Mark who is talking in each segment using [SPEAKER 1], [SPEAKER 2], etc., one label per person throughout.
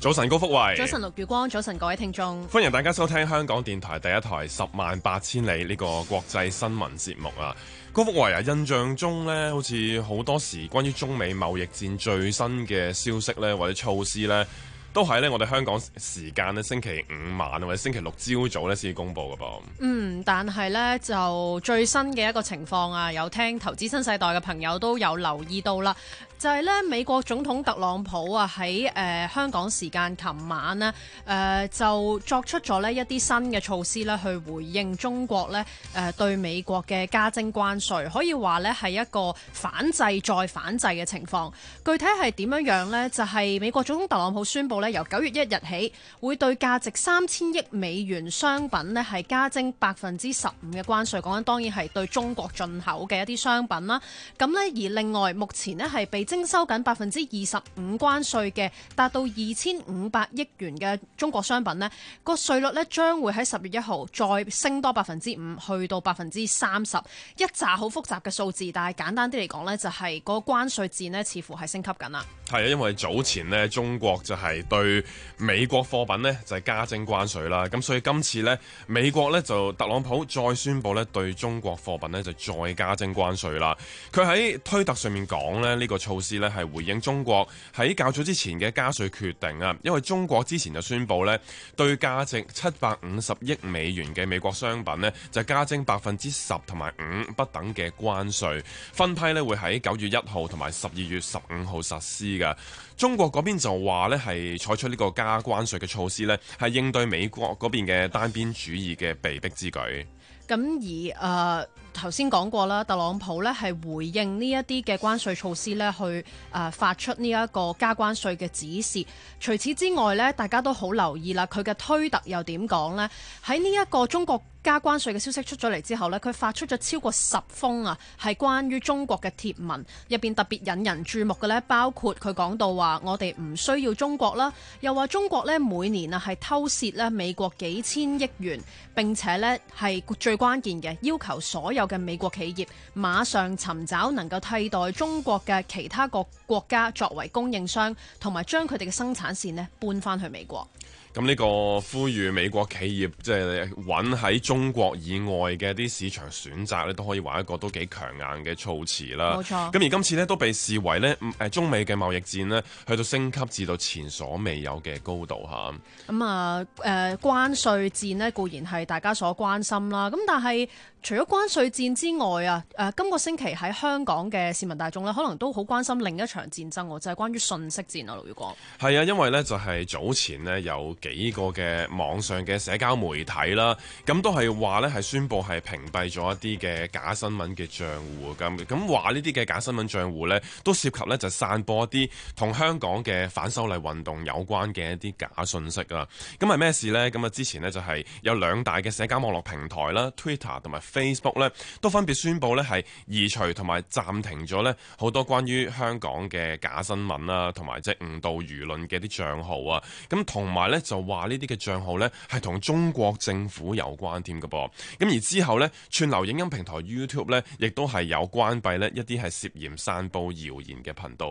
[SPEAKER 1] 早晨，高福慧。早
[SPEAKER 2] 晨，陸月光。早晨，各位聽眾。
[SPEAKER 1] 歡迎大家收聽香港電台第一台《十萬八千里》呢個國際新聞節目啊！高福慧啊，印象中呢，好似好多時關於中美貿易戰最新嘅消息呢，或者措施呢，都喺呢我哋香港時間呢星期五晚或者星期六朝早呢先至公布㗎噃。
[SPEAKER 2] 嗯，但係呢，就最新嘅一個情況啊，有聽投資新世代嘅朋友都有留意到啦。就係咧，美國總統特朗普啊，喺、呃、誒香港時間琴晚咧，誒、呃、就作出咗咧一啲新嘅措施咧，去回應中國咧誒對美國嘅加徵關稅，可以話咧係一個反制再反制嘅情況。具體係點樣樣咧？就係、是、美國總統特朗普宣布咧，由九月一日起，會對價值三千億美元商品咧係加徵百分之十五嘅關稅。講緊當然係對中國進口嘅一啲商品啦。咁咧而另外，目前咧係被徵收緊百分之二十五關稅嘅，達到二千五百億元嘅中國商品，呢個稅率呢將會喺十月一號再升多百分之五，去到百分之三十。一紮好複雜嘅數字，但係簡單啲嚟講呢就係個關稅戰呢，似乎係升級緊啦。
[SPEAKER 1] 係啊，因為早前呢中國就係對美國貨品呢，就係、是、加徵關稅啦，咁所以今次呢，美國呢就特朗普再宣布呢對中國貨品呢，就再加徵關稅啦。佢喺推特上面講呢，呢、呢個措措施咧，係回應中國喺較早之前嘅加稅決定啊，因為中國之前就宣佈咧，對價值七百五十億美元嘅美國商品咧，就加徵百分之十同埋五不等嘅關稅，分批咧，會喺九月一號同埋十二月十五號實施噶。中國嗰邊就話咧，係採取呢個加關稅嘅措施咧，係應對美國嗰邊嘅單邊主義嘅被逼之舉。
[SPEAKER 2] 咁而誒頭先講過啦，特朗普咧係回應呢一啲嘅關稅措施咧，去誒發出呢一個加關稅嘅指示。除此之外咧，大家都好留意啦，佢嘅推特又點講呢？喺呢一個中國加關稅嘅消息出咗嚟之後呢，佢發出咗超過十封啊，係關於中國嘅貼文，入邊特別引人注目嘅呢，包括佢講到話我哋唔需要中國啦，又話中國呢，每年啊係偷竊咧美國幾千億元，並且呢係最關鍵嘅，要求所有嘅美國企業馬上尋找能夠替代中國嘅其他個國家作為供應商，同埋將佢哋嘅生產線呢搬翻去美國。
[SPEAKER 1] 咁呢個呼籲美國企業即係揾喺中國以外嘅啲市場選擇咧，都可以話一個都幾強硬嘅措辭啦。冇錯，咁而今次呢，都被視為咧中美嘅貿易戰呢，去到升級至到前所未有嘅高度嚇。
[SPEAKER 2] 咁啊誒關稅戰呢，固然係大家所關心啦，咁但係。除咗關稅戰之外啊，誒、呃，今個星期喺香港嘅市民大眾呢，可能都好關心另一場戰爭喎、啊，就係、是、關於信息戰啊，盧宇光。
[SPEAKER 1] 係啊，因為呢就係、是、早前呢，有幾個嘅網上嘅社交媒體啦，咁都係話呢係宣佈係屏蔽咗一啲嘅假新聞嘅賬戶咁，咁話呢啲嘅假新聞賬戶呢，都涉及呢就散播一啲同香港嘅反修例運動有關嘅一啲假信息啊。咁係咩事呢？咁啊之前呢，就係有兩大嘅社交網絡平台啦，Twitter 同埋。Facebook 咧都分別宣布咧係移除同埋暫停咗咧好多關於香港嘅假新聞啦，同埋即誤導輿論嘅啲帳號啊，咁同埋咧就話呢啲嘅帳號咧係同中國政府有關添㗎噃，咁而之後咧串流影音平台 YouTube 咧亦都係有關閉咧一啲係涉嫌散佈謠言嘅頻道。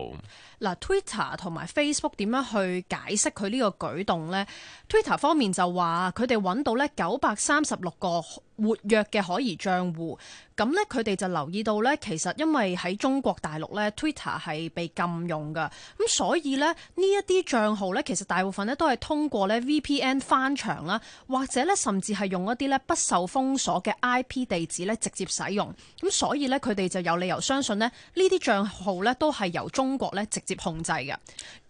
[SPEAKER 2] 嗱，Twitter 同埋 Facebook 點樣去解釋佢呢個舉動呢？Twitter 方面就話佢哋揾到咧九百三十六個。活躍嘅可疑賬戶，咁呢佢哋就留意到呢，其實因為喺中國大陸呢 Twitter 係被禁用嘅，咁所以呢，呢一啲帳號呢，其實大部分呢都係通過呢 VPN 翻牆啦，或者呢，甚至係用一啲呢不受封鎖嘅 IP 地址呢直接使用，咁所以呢，佢哋就有理由相信呢，呢啲帳號呢都係由中國呢直接控制嘅，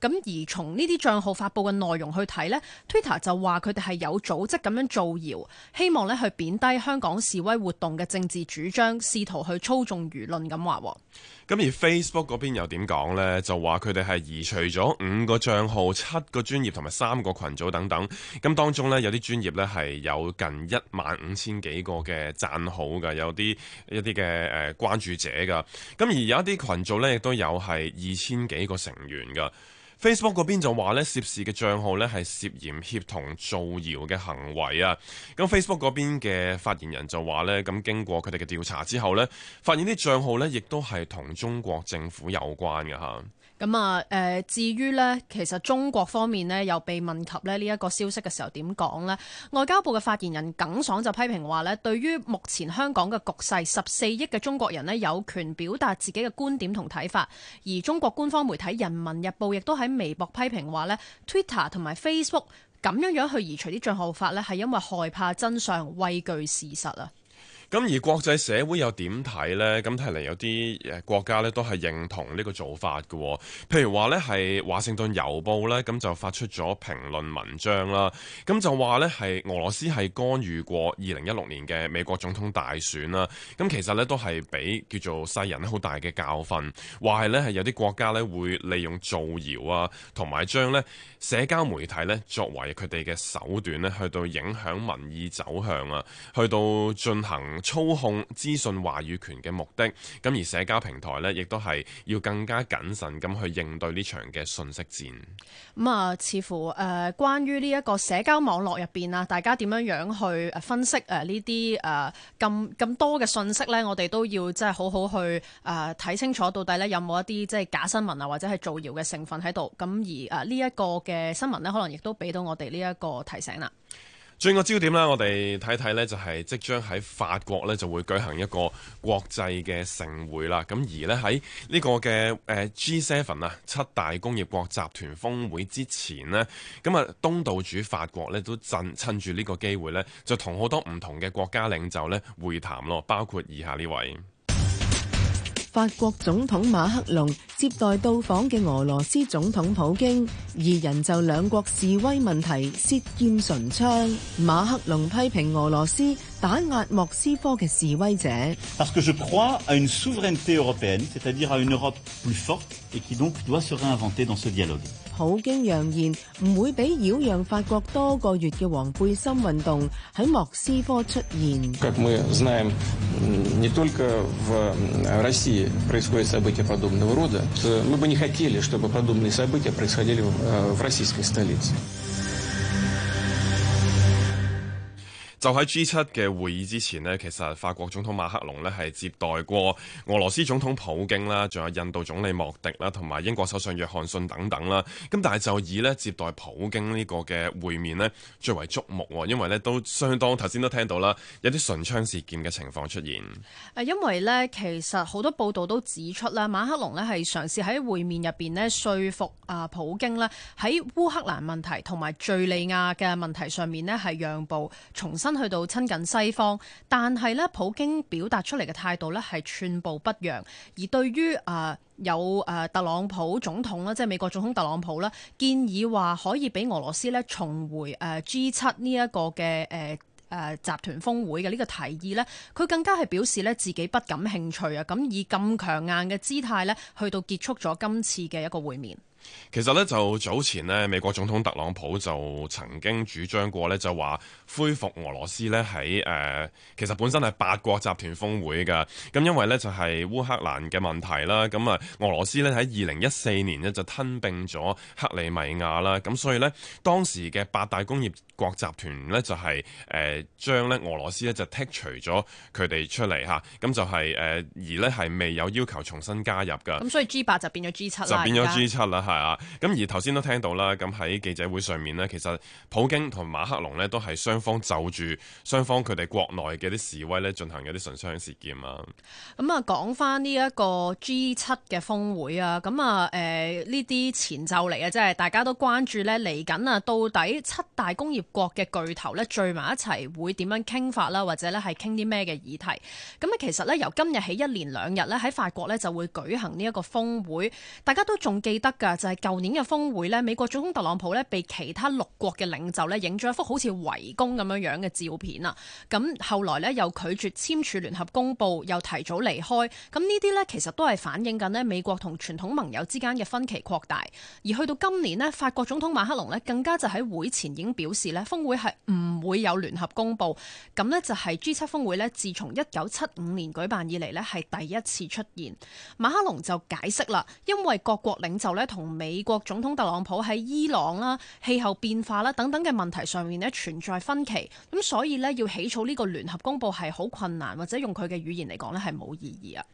[SPEAKER 2] 咁而從呢啲帳號發布嘅內容去睇呢 Twitter 就話佢哋係有組織咁樣造謠，希望呢去貶低。香港示威活動嘅政治主張，試圖去操縱輿論咁話。咁
[SPEAKER 1] 而 Facebook 嗰邊又點講呢？就話佢哋係移除咗五個賬號、七個專頁同埋三個群組等等。咁當中呢，有啲專頁呢係有近一萬五千幾個嘅讚好噶，有啲一啲嘅誒關注者噶。咁而有一啲群組呢，亦都有係二千幾個成員噶。Facebook 嗰邊就話呢，涉事嘅賬號呢係涉嫌協同造謠嘅行為啊！咁 Facebook 嗰邊嘅發言人就話呢，咁經過佢哋嘅調查之後呢，發現啲賬號呢亦都係同中國政府有關嘅吓。
[SPEAKER 2] 咁啊、呃，至於呢其實中國方面呢又被問及呢一個消息嘅時候點講呢？外交部嘅發言人耿爽就批評話呢對於目前香港嘅局勢，十四億嘅中國人呢有權表達自己嘅觀點同睇法，而中國官方媒體《人民日報》亦都喺微博批評話呢 Twitter 同埋 Facebook 咁樣樣去移除啲帳號，法呢係因為害怕真相，畏懼事實啊。
[SPEAKER 1] 咁而國際社會又點睇呢？咁睇嚟有啲國家呢都係認同呢個做法嘅哦。譬如話呢，係華盛頓郵報呢，咁就發出咗評論文章啦。咁就話呢，係俄羅斯係干預過二零一六年嘅美國總統大選啦。咁其實呢，都係俾叫做世人好大嘅教訓，話係呢係有啲國家呢，會利用造謠啊，同埋將呢社交媒體呢作為佢哋嘅手段呢，去到影響民意走向啊，去到進行。操控資訊話語權嘅目的，咁而社交平台咧，亦都係要更加謹慎咁去應對呢場嘅信息戰。
[SPEAKER 2] 咁、嗯、啊，似乎誒、呃、關於呢一個社交網絡入邊啊，大家點樣樣去分析誒呢啲誒咁咁多嘅信息呢？我哋都要即係好好去誒睇、呃、清楚，到底咧有冇一啲即係假新聞啊，或者係造謠嘅成分喺度。咁、呃、而誒呢一個嘅新聞咧，可能亦都俾到我哋呢一個提醒啦。
[SPEAKER 1] 轉個焦點啦，我哋睇睇呢就係即將喺法國呢就會舉行一個國際嘅盛會啦。咁而呢喺呢個嘅誒 G7 啊七大工業國集團峰會之前呢，咁啊東道主法國呢都趁趁住呢個機會呢，就同好多唔同嘅國家領袖呢會談咯，包括以下呢位。
[SPEAKER 2] 法國總統馬克龍接待到訪嘅俄羅斯總統普京，二人就兩國示威問題舌劍唇槍。馬克龍批評俄羅斯打壓莫斯科嘅示威
[SPEAKER 1] 者。
[SPEAKER 2] 普京揚言唔會俾擾攘法國多個月嘅黃背心
[SPEAKER 1] 運動喺莫斯科出現。就喺 G7 嘅會議之前咧，其實法國總統馬克龍咧係接待過俄羅斯總統普京啦，仲有印度總理莫迪啦，同埋英國首相約翰遜等等啦。咁但係就以咧接待普京呢個嘅會面咧，最為矚目，因為咧都相當頭先都聽到啦，有啲唇槍舌劍嘅情況出現
[SPEAKER 2] 誒，因為咧其實好多報道都指出啦，馬克龍咧係嘗試喺會面入邊咧說服啊普京咧喺烏克蘭問題同埋敘利亞嘅問題上面咧係讓步，重新。去到親近，近西方，但係咧，普京表達出嚟嘅態度咧係寸步不讓。而對於誒、呃、有誒、呃、特朗普總統啦，即係美國總統特朗普啦，建議話可以俾俄羅斯咧重回誒 G 七呢一個嘅誒誒集團峰會嘅呢個提議咧，佢更加係表示咧自己不感興趣啊。咁以咁強硬嘅姿態咧，去到結束咗今次嘅一個會面。
[SPEAKER 1] 其實咧就早前呢，美國總統特朗普就曾經主張過咧，就話恢復俄羅斯咧喺誒，其實本身係八國集團峰會㗎，咁因為咧就係烏克蘭嘅問題啦，咁啊俄羅斯咧喺二零一四年呢，就吞併咗克里米亞啦，咁所以呢，當時嘅八大工業。國集團呢就係誒，將咧俄羅斯咧就剔除咗佢哋出嚟吓，咁就係而呢係未有要求重新加入噶。咁
[SPEAKER 2] 所以 G 八就變咗 G 七就變咗 G
[SPEAKER 1] 七啦，係啊。咁而頭先都聽到啦，咁喺記者會上面呢，其實普京同馬克龍呢都係雙方就住雙方佢哋國內嘅啲示威呢進行有啲唇槍舌劍啊。
[SPEAKER 2] 咁啊講翻呢一個 G 七嘅峰會啊，咁啊誒呢啲前奏嚟嘅，即係大家都關注呢嚟緊啊，到底七大工業。國嘅巨頭咧聚埋一齊會點樣傾法啦，或者咧係傾啲咩嘅議題？咁咧其實咧由今日起一連兩日咧喺法國咧就會舉行呢一個峰會，大家都仲記得㗎，就係舊年嘅峰會咧，美國總統特朗普咧被其他六國嘅領袖咧影咗一幅好似圍攻咁樣樣嘅照片啊！咁後來咧又拒絕簽署聯合公佈，又提早離開，咁呢啲咧其實都係反映緊咧美國同傳統盟友之間嘅分歧擴大。而去到今年咧，法國總統馬克龍咧更加就喺會前已經表示峰會係唔會有聯合公佈，咁呢就係 G 七峰會呢自從一九七五年舉辦以嚟呢係第一次出現。馬克龍就解釋啦，因為各國領袖呢同美國總統特朗普喺伊朗啦、氣候變化啦等等嘅問題上面呢存在分歧，咁所以呢要起草呢個聯合公佈係好困難，或者用佢嘅語言嚟講呢係冇意義啊。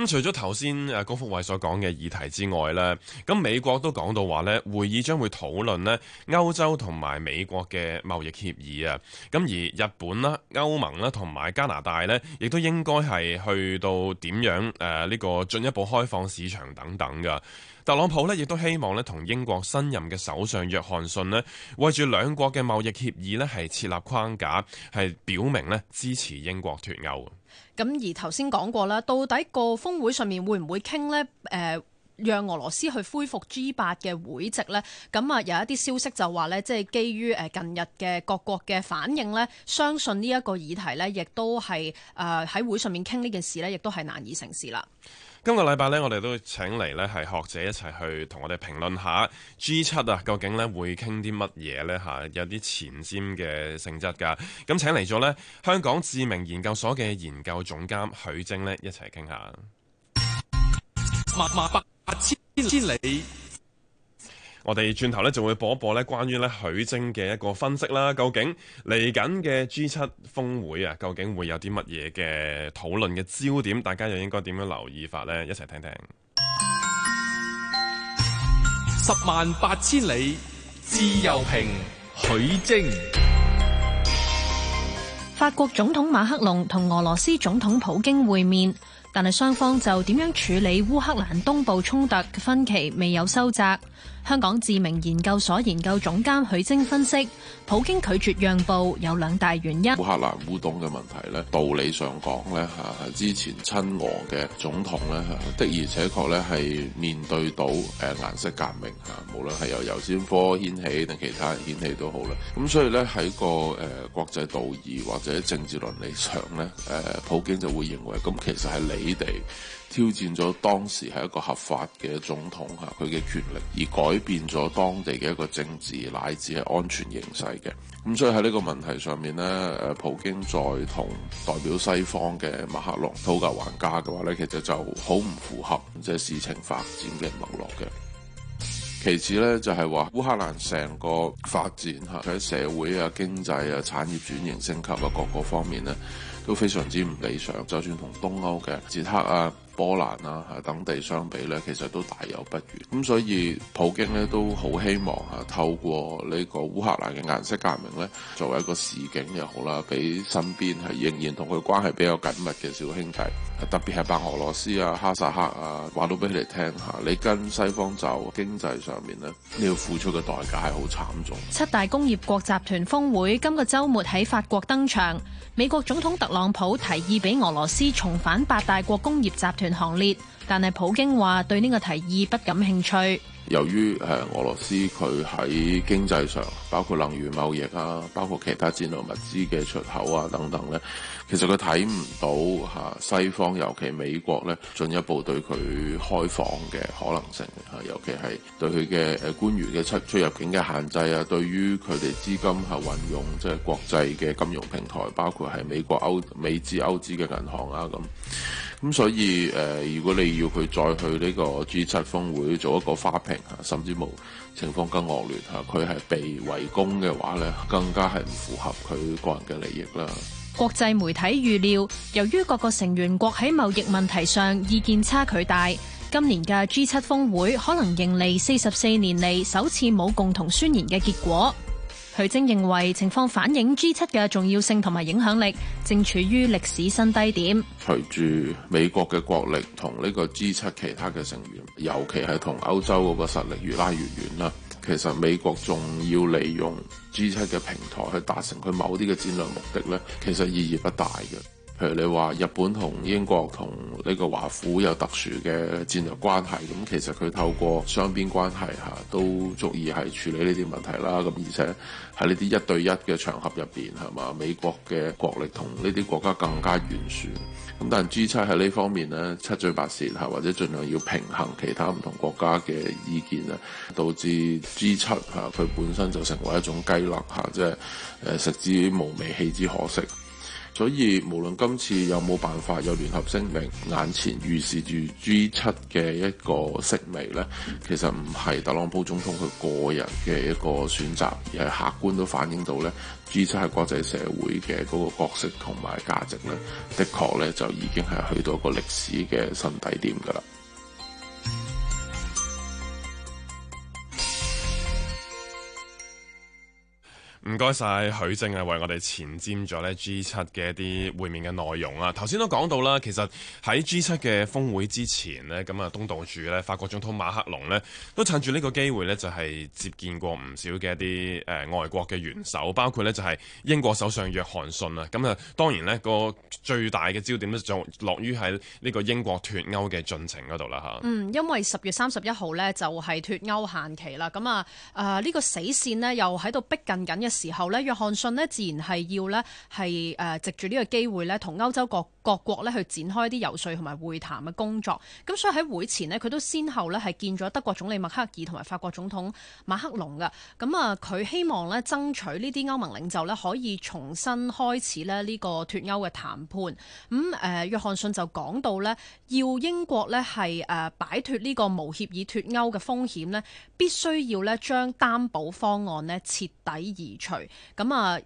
[SPEAKER 1] 咁除咗頭先誒高福偉所講嘅議題之外呢，咁美國都講到話呢，會議將會討論呢歐洲同埋美國嘅貿易協議啊，咁而日本啦、歐盟啦同埋加拿大呢，亦都應該係去到點樣誒呢個進一步開放市場等等㗎。特朗普呢亦都希望呢同英國新任嘅首相約翰遜呢，為住兩國嘅貿易協議呢係設立框架，係表明呢支持英國脫歐。
[SPEAKER 2] 咁而頭先講過啦，到底個峰會上面會唔會傾呢？誒，讓俄羅斯去恢復 G 八嘅會籍呢？咁啊，有一啲消息就話呢，即係基於誒近日嘅各國嘅反應呢，相信呢一個議題呢，亦都係誒喺會上面傾呢件事呢，亦都係難以成事啦。
[SPEAKER 1] 今個禮拜咧，我哋都請嚟咧係學者一齊去同我哋評論下 G7 啊，究竟咧會傾啲乜嘢咧吓？有啲前瞻嘅性質噶。咁請嚟咗咧香港智明研究所嘅研究總監許楨咧一齊傾下。千里。」我哋轉頭咧就會播一播咧關於咧許楨嘅一個分析啦，究竟嚟緊嘅 G7 峰會啊，究竟會有啲乜嘢嘅討論嘅焦點？大家又應該點樣留意法呢？一齊聽聽。十萬八千里自由評許楨，
[SPEAKER 2] 法國總統馬克龍同俄羅斯總統普京會面。但係雙方就點樣處理烏克蘭東部衝突嘅分歧未有收窄。香港智明研究所研究總監許楨分析，普京拒絕讓步有兩大原因。
[SPEAKER 3] 烏克蘭烏東嘅問題咧，道理上講咧吓，之前親俄嘅總統咧吓，的而且確咧係面對到誒顏色革命吓，無論係由尤先科掀起定其他掀起都好啦。咁所以咧喺個誒國際道義或者政治倫理上咧，誒普京就會認為咁其實係你。你哋挑戰咗當時係一個合法嘅總統嚇，佢嘅權力而改變咗當地嘅一個政治乃至係安全形勢嘅。咁所以喺呢個問題上面咧，誒普京再同代表西方嘅馬克龍討價還價嘅話咧，其實就好唔符合即係事情發展嘅脈絡嘅。其次咧，就係話烏克蘭成個發展佢喺社會啊、經濟啊、產業轉型升級啊各個方面咧，都非常之唔理想，就算同東歐嘅捷克啊、波蘭啊等地相比咧，其實都大有不如咁所以普京咧都好希望啊透過呢個烏克蘭嘅顏色革命咧，作為一個市景又好啦，俾身邊係仍然同佢關係比較緊密嘅小兄弟，特別係白俄羅斯啊、哈薩克啊，話到俾佢哋聽吓，你跟西方就經濟上面咧，你要付出嘅代價係好慘重。
[SPEAKER 2] 七大工業國集團峰會今個周末喺法國登場，美國總統特朗普提議俾俄羅斯重返八大國工業集團。行列，但係普京話對呢個提議不感興趣。
[SPEAKER 3] 由於誒俄羅斯佢喺經濟上，包括能源、貿易啊，包括其他戰略物資嘅出口啊等等咧，其實佢睇唔到吓西方，尤其美國咧進一步對佢開放嘅可能性。吓，尤其係對佢嘅誒官員嘅出出入境嘅限制啊，對於佢哋資金係運用，即係國際嘅金融平台，包括係美國歐美資歐資嘅銀行啊咁。咁所以，誒、呃，如果你要佢再去呢個 G 七峰會做一個花瓶啊，甚至冇情況更惡劣吓，佢係被圍攻嘅話咧，更加係唔符合佢個人嘅利益啦。
[SPEAKER 2] 國際媒體預料，由於各個成員國喺貿易問題上意見差距大，今年嘅 G 七峰會可能迎嚟四十四年嚟首次冇共同宣言嘅結果。許楨認為情況反映 G 七嘅重要性同埋影響力正處於歷史新低點。
[SPEAKER 3] 隨住美國嘅國力同呢個 G 七其他嘅成員，尤其係同歐洲嗰個實力越拉越遠啦，其實美國仲要利用 G 七嘅平台去達成佢某啲嘅戰略目的咧，其實意義不大嘅。譬如你話日本同英國同呢個華府有特殊嘅戰略關係，咁其實佢透過雙邊關係都足以係處理呢啲問題啦。咁而且喺呢啲一對一嘅場合入面，係嘛，美國嘅國力同呢啲國家更加懸殊。咁但係 G 七喺呢方面咧，七嘴八舌或者儘量要平衡其他唔同國家嘅意見啊，導致 G 七嚇佢本身就成為一種雞肋，即係誒，食之無味，棄之可惜。所以，無論今次有冇辦法有聯合聲明，眼前預示住 G7 嘅一個勢微咧，其實唔係特朗普總統佢個人嘅一個選擇，而係客觀都反映到咧，G7 係國際社會嘅嗰個角色同埋價值咧，的確咧就已經係去到一個歷史嘅新底點噶啦。
[SPEAKER 1] 唔該晒許楨啊，為我哋前瞻咗咧 G7 嘅一啲會面嘅內容啊！頭先都講到啦，其實喺 G7 嘅峰會之前咧，咁啊東道主咧法國總統馬克龍咧都趁住呢個機會咧，就係接見過唔少嘅一啲誒外國嘅元首，包括咧就係英國首相約翰遜啊！咁啊，當然咧個最大嘅焦點咧就落於喺呢個英國脫歐嘅進程嗰度啦吓嗯，
[SPEAKER 2] 因為十月三十一號咧就係脫歐限期啦，咁啊啊呢個死線咧又喺度逼近緊嘅。時候呢，約翰遜呢自然係要呢，係誒，藉住呢個機會呢，同歐洲各各國呢去展開一啲游說同埋會談嘅工作。咁所以喺會前呢，佢都先後呢係見咗德國總理默克爾同埋法國總統馬克龍噶。咁啊，佢希望呢，爭取呢啲歐盟領袖呢，可以重新開始呢呢個脫歐嘅談判。咁、嗯、誒，約翰遜就講到呢，要英國呢係誒擺脫呢個無協議脫歐嘅風險呢，必須要呢將擔保方案呢徹底而。除咁啊，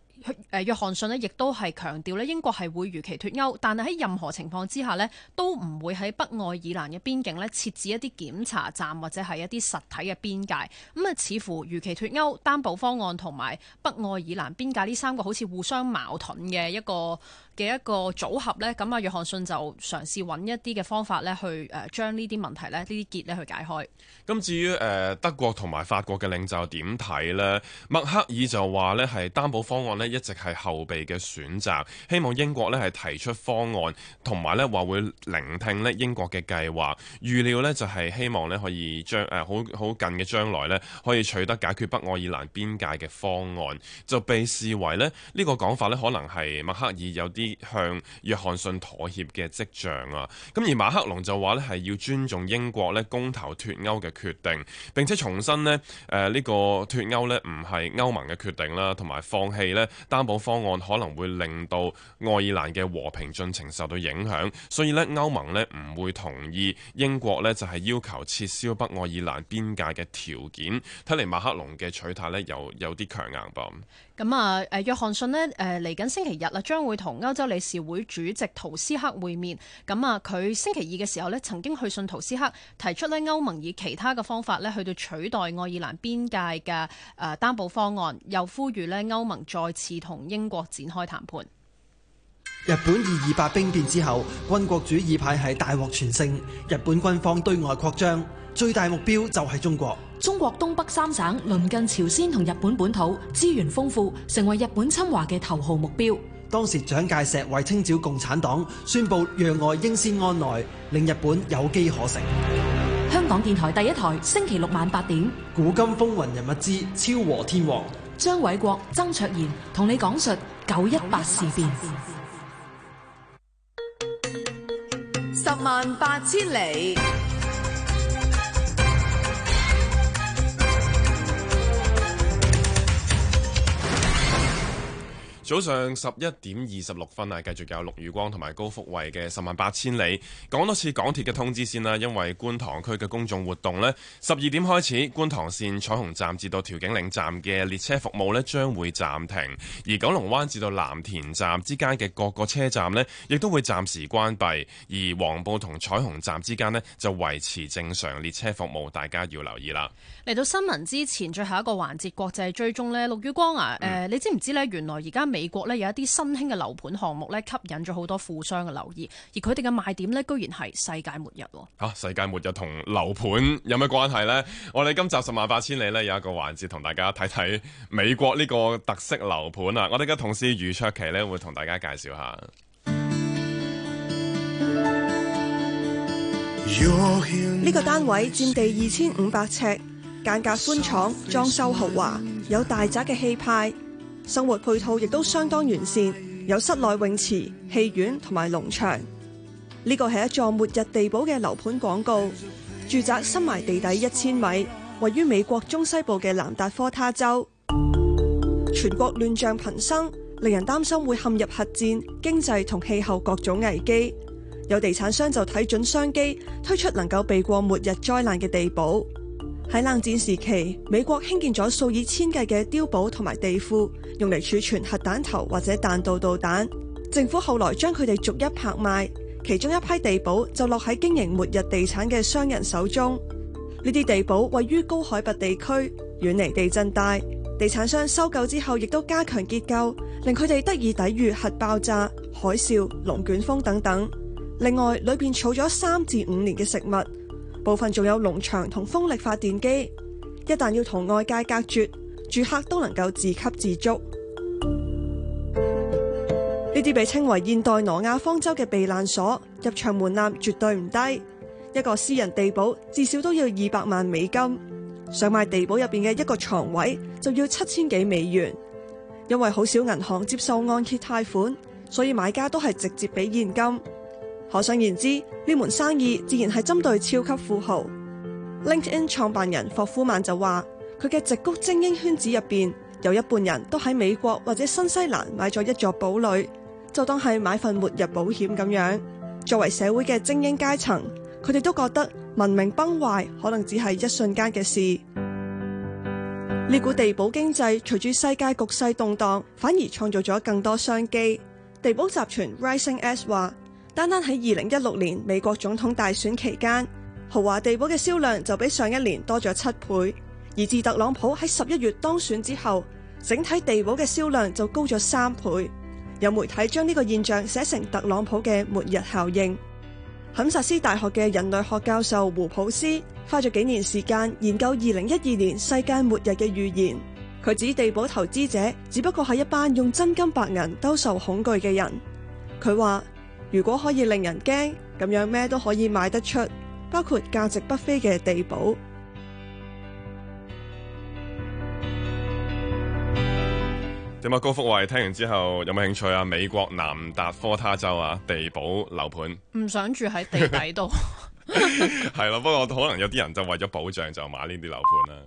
[SPEAKER 2] 誒約翰遜呢亦都係強調咧，英國係會如期脫歐，但係喺任何情況之下呢，都唔會喺北愛爾蘭嘅邊境呢設置一啲檢查站或者係一啲實體嘅邊界。咁啊，似乎如期脫歐、擔保方案同埋北愛爾蘭邊界呢三個好似互相矛盾嘅一個嘅一個組合咧，咁啊，約翰遜就嘗試揾一啲嘅方法咧，去誒將呢啲問題咧，呢啲結咧去解開，
[SPEAKER 1] 咁至於誒德國同埋法國嘅領袖點睇咧？默克爾就話咧係擔保方案咧一直係後備嘅選擇，希望英國咧係提出方案，同埋咧話會聆聽咧英國嘅計劃。預料咧就係希望咧可以將誒好好近嘅將來咧可以取得解決北愛爾蘭邊界嘅方案，就被視為咧呢個講法咧可能係默克爾有啲向約翰遜妥協嘅跡象啊，咁而馬克龍就話呢係要尊重英國呢公投脫歐嘅決定，並且重申呢誒呢個脫歐呢唔係歐盟嘅決定啦，同埋放棄呢擔保方案可能會令到愛爾蘭嘅和平進程受到影響，所以呢，歐盟呢唔會同意英國呢就係要求撤銷北愛爾蘭邊界嘅條件，睇嚟馬克龍嘅取態呢，又有啲強硬噃。
[SPEAKER 2] 咁啊，誒約翰遜咧，誒嚟緊星期日啦，將會同歐洲理事會主席圖斯克會面。咁啊，佢星期二嘅時候咧，曾經去信圖斯克，提出咧歐盟以其他嘅方法咧去到取代愛爾蘭邊界嘅誒擔保方案，又呼籲咧歐盟再次同英國展開談判。
[SPEAKER 1] 日本二二八兵變之後，軍國主義派係大獲全勝，
[SPEAKER 2] 日本軍方對外擴張。最大目標就係中國。中國東北三省鄰近朝鮮同日本本土，資源豐富，成為日本侵華嘅頭號目標。當時蔣介石為清剿共產黨，宣布讓外應先安內，令日本有機可乘。香港電台第一台星期六晚八點，《古今風雲人物之昭和天皇》。張偉國、曾卓然同你講述九一八事變。十萬八千里。
[SPEAKER 1] 早上十一點二十六分啊，繼續有陸宇光同埋高福慧嘅《十萬八千里》。講多次港鐵嘅通知先啦，因為觀塘區嘅公眾活動呢，十二點開始，觀塘綫彩虹站至到調景嶺站嘅列車服務呢將會暫停，而九龍灣至到藍田站之間嘅各個車站呢亦都會暫時關閉，而黃埔同彩虹站之間呢就維持正常列車服務，大家要留意啦。
[SPEAKER 2] 嚟到新聞之前，最後一個環節國際追蹤呢陸宇光啊，誒、嗯呃，你知唔知呢？原來而家。美國咧有一啲新興嘅樓盤項目咧，吸引咗好多富商嘅留意，而佢哋嘅賣點咧，居然係世界末日。
[SPEAKER 1] 吓，世界末日同樓盤有咩關係呢？我哋今集十萬八千里咧有一個環節，同大家睇睇美國呢個特色樓盤啊！我哋嘅同事余卓祈咧會同大家介紹下。
[SPEAKER 4] 呢個單位佔地二千五百尺，間隔寬敞，裝修豪華，有大宅嘅氣派。生活配套亦都相當完善，有室內泳池、戲院同埋農場。呢個係一座末日地堡嘅樓盤廣告，住宅深埋地底一千米，位於美國中西部嘅南達科他州。全國亂象頻生，令人擔心會陷入核戰、經濟同氣候各種危機。有地產商就睇準商機，推出能夠避過末日災難嘅地堡。喺冷戰時期，美國興建咗數以千計嘅碉堡同埋地庫，用嚟儲存核彈頭或者彈道導彈。政府後來將佢哋逐一拍賣，其中一批地堡就落喺經營末日地產嘅商人手中。呢啲地堡位於高海拔地區，遠離地震帶。地產商收購之後，亦都加強結構，令佢哋得以抵御核爆炸、海嘯、龍捲風等等。另外，裏邊儲咗三至五年嘅食物。部分仲有農場同風力發電機，一旦要同外界隔絕，住客都能夠自給自足。呢啲被稱為現代挪亞方舟嘅避難所，入場門檻絕對唔低。一個私人地堡至少都要二百萬美金，想買地堡入面嘅一個床位就要七千幾美元。因為好少銀行接受按揭貸款，所以買家都係直接俾現金。可想而知，呢門生意自然係針對超級富豪。LinkedIn 創辦人霍夫曼就話：佢嘅矽谷精英圈子入邊有一半人都喺美國或者新西蘭買咗一座堡壘，就當係買份末日保險咁樣。作為社會嘅精英階層，佢哋都覺得文明崩壞可能只係一瞬間嘅事。呢股地堡經濟隨住世界局勢動蕩，反而創造咗更多商機。地堡集團 Rising S 話。單單喺二零一六年美國總統大選期間，豪華地堡嘅銷量就比上一年多咗七倍，而自特朗普喺十一月當選之後，整體地堡嘅銷量就高咗三倍。有媒體將呢個現象寫成特朗普嘅末日效應。肯薩斯大學嘅人類學教授胡普斯花咗幾年時間研究二零一二年世界末日嘅預言，佢指地堡投資者只不過係一班用真金白銀兜售恐懼嘅人。佢話。如果可以令人驚，咁樣咩都可以買得出，包括價值不菲嘅地堡。
[SPEAKER 1] 點啊，高福衛，聽完之後有冇興趣啊？美國南達科他州啊，地堡樓盤。
[SPEAKER 2] 唔想住喺地底度。
[SPEAKER 1] 係啦，不過可能有啲人就為咗保障就買呢啲樓盤啦。